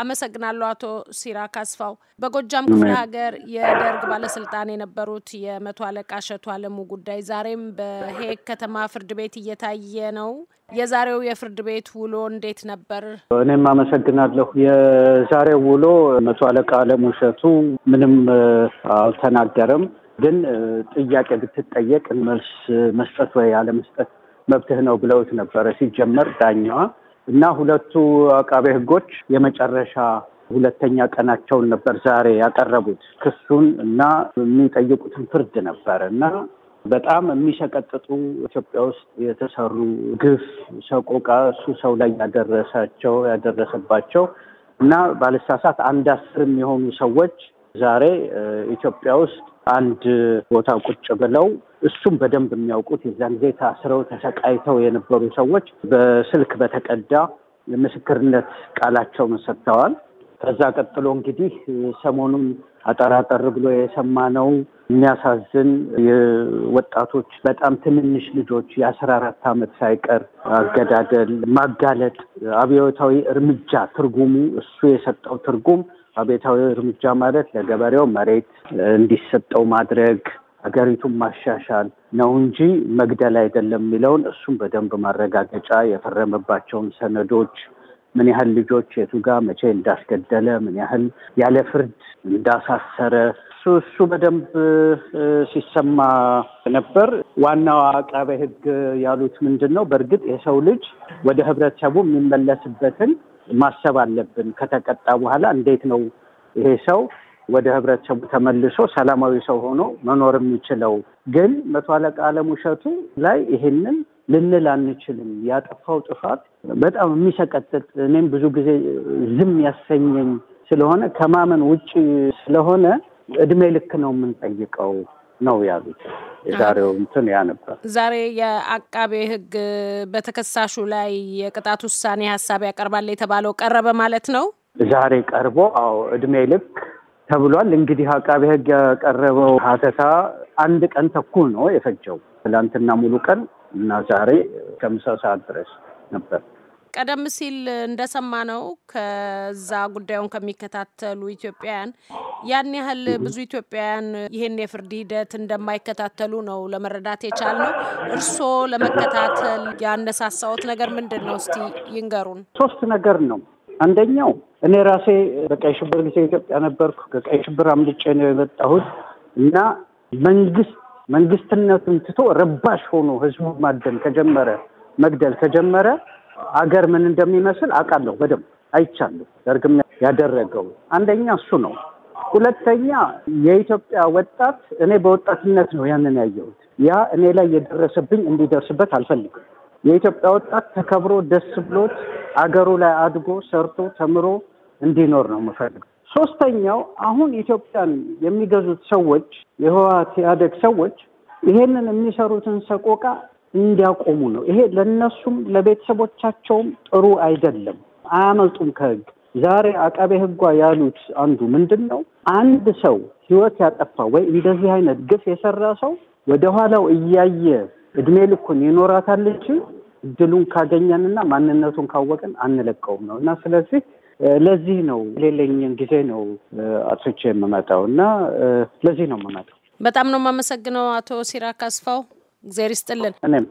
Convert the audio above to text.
አመሰግናለሁ አቶ ሲራ ካስፋው በጎጃም ክፍለ ሀገር የደርግ ባለስልጣን የነበሩት የመቶ አለቃ እሸቱ አለሙ ጉዳይ ዛሬም በሄግ ከተማ ፍርድ ቤት እየታየ ነው። የዛሬው የፍርድ ቤት ውሎ እንዴት ነበር? እኔም አመሰግናለሁ። የዛሬው ውሎ መቶ አለቃ አለሙ እሸቱ ምንም አልተናገረም፣ ግን ጥያቄ ብትጠየቅ መልስ መስጠት ወይ አለመስጠት መብትህ ነው ብለውት ነበረ ሲጀመር ዳኛዋ እና ሁለቱ አቃቤ ሕጎች የመጨረሻ ሁለተኛ ቀናቸውን ነበር ዛሬ ያቀረቡት ክሱን እና የሚጠይቁትን ፍርድ ነበር እና በጣም የሚሸቀጥጡ ኢትዮጵያ ውስጥ የተሰሩ ግፍ፣ ሰቆቃ እሱ ሰው ላይ ያደረሳቸው ያደረሰባቸው እና ባለሳሳት አንድ አስርም የሆኑ ሰዎች ዛሬ ኢትዮጵያ ውስጥ አንድ ቦታ ቁጭ ብለው እሱም በደንብ የሚያውቁት የዛን ጊዜ ታስረው ተሰቃይተው የነበሩ ሰዎች በስልክ በተቀዳ ምስክርነት ቃላቸውን ሰጥተዋል። ከዛ ቀጥሎ እንግዲህ ሰሞኑን አጠራጠር ብሎ የሰማነው የሚያሳዝን ወጣቶች በጣም ትንንሽ ልጆች የአስራ አራት ዓመት ሳይቀር አገዳደል፣ ማጋለጥ፣ አብዮታዊ እርምጃ ትርጉሙ እሱ የሰጠው ትርጉም አቤታዊ እርምጃ ማለት ለገበሬው መሬት እንዲሰጠው ማድረግ ሀገሪቱን ማሻሻል ነው እንጂ መግደል አይደለም የሚለውን እሱም በደንብ ማረጋገጫ የፈረመባቸውን ሰነዶች ምን ያህል ልጆች የቱ ጋር መቼ እንዳስገደለ ምን ያህል ያለ ፍርድ እንዳሳሰረ እሱ እሱ በደንብ ሲሰማ ነበር። ዋናው አቃቤ ሕግ ያሉት ምንድን ነው? በእርግጥ የሰው ልጅ ወደ ህብረተሰቡ የሚመለስበትን ማሰብ አለብን። ከተቀጣ በኋላ እንዴት ነው ይሄ ሰው ወደ ህብረተሰቡ ተመልሶ ሰላማዊ ሰው ሆኖ መኖር የሚችለው? ግን መቶ አለቃ አለም ውሸቱ ላይ ይሄንን ልንል አንችልም። ያጠፋው ጥፋት በጣም የሚሰቀጥጥ እኔም ብዙ ጊዜ ዝም ያሰኘኝ ስለሆነ ከማመን ውጭ ስለሆነ እድሜ ልክ ነው የምንጠይቀው። ነው ያሉት። የዛሬው እንትን ያ ነበር። ዛሬ የአቃቤ ሕግ በተከሳሹ ላይ የቅጣት ውሳኔ ሀሳብ ያቀርባል የተባለው ቀረበ ማለት ነው። ዛሬ ቀርቦ አዎ እድሜ ልክ ተብሏል። እንግዲህ አቃቤ ሕግ ያቀረበው ሀተታ አንድ ቀን ተኩል ነው የፈጀው። ትላንትና ሙሉ ቀን እና ዛሬ ከምሳ ሰዓት ድረስ ነበር። ቀደም ሲል እንደሰማ ነው ከዛ ጉዳዩን ከሚከታተሉ ኢትዮጵያውያን ያን ያህል ብዙ ኢትዮጵያውያን ይህን የፍርድ ሂደት እንደማይከታተሉ ነው ለመረዳት ነው። እርስዎ ለመከታተል ያነሳሳዎት ነገር ምንድን ነው? እስቲ ይንገሩን። ሶስት ነገር ነው። አንደኛው እኔ ራሴ በቀይ ሽብር ጊዜ ኢትዮጵያ ነበርኩ። ከቀይ ሽብር አምልጬ ነው የመጣሁት እና መንግስት መንግስትነቱን ትቶ ረባሽ ሆኖ ህዝቡ ማደን ከጀመረ መግደል ከጀመረ አገር ምን እንደሚመስል አውቃለሁ። በደንብ አይቻለሁ። ደርግም ያደረገው አንደኛ እሱ ነው። ሁለተኛ የኢትዮጵያ ወጣት እኔ በወጣትነት ነው ያንን ያየሁት። ያ እኔ ላይ የደረሰብኝ እንዲደርስበት አልፈልግም። የኢትዮጵያ ወጣት ተከብሮ ደስ ብሎት አገሩ ላይ አድጎ ሰርቶ ተምሮ እንዲኖር ነው የምፈልገው። ሶስተኛው አሁን ኢትዮጵያን የሚገዙት ሰዎች የህወሓት ኢህአዴግ ሰዎች ይሄንን የሚሰሩትን ሰቆቃ እንዲያቆሙ ነው። ይሄ ለእነሱም ለቤተሰቦቻቸውም ጥሩ አይደለም። አያመልጡም ከህግ ዛሬ አቃቤ ሕጓ ያሉት አንዱ ምንድን ነው አንድ ሰው ህይወት ያጠፋ ወይ እንደዚህ አይነት ግፍ የሰራ ሰው ወደኋላው እያየ እድሜ ልኩን ይኖራታል እንጂ እድሉን ካገኘንና ማንነቱን ካወቅን አንለቀውም ነው እና ስለዚህ ለዚህ ነው ሌለኝን ጊዜ ነው አቶች የምመጣው እና ለዚህ ነው የምመጣው። በጣም ነው የማመሰግነው አቶ ሲራክ አስፋው፣ እግዚአብሔር ይስጥልን።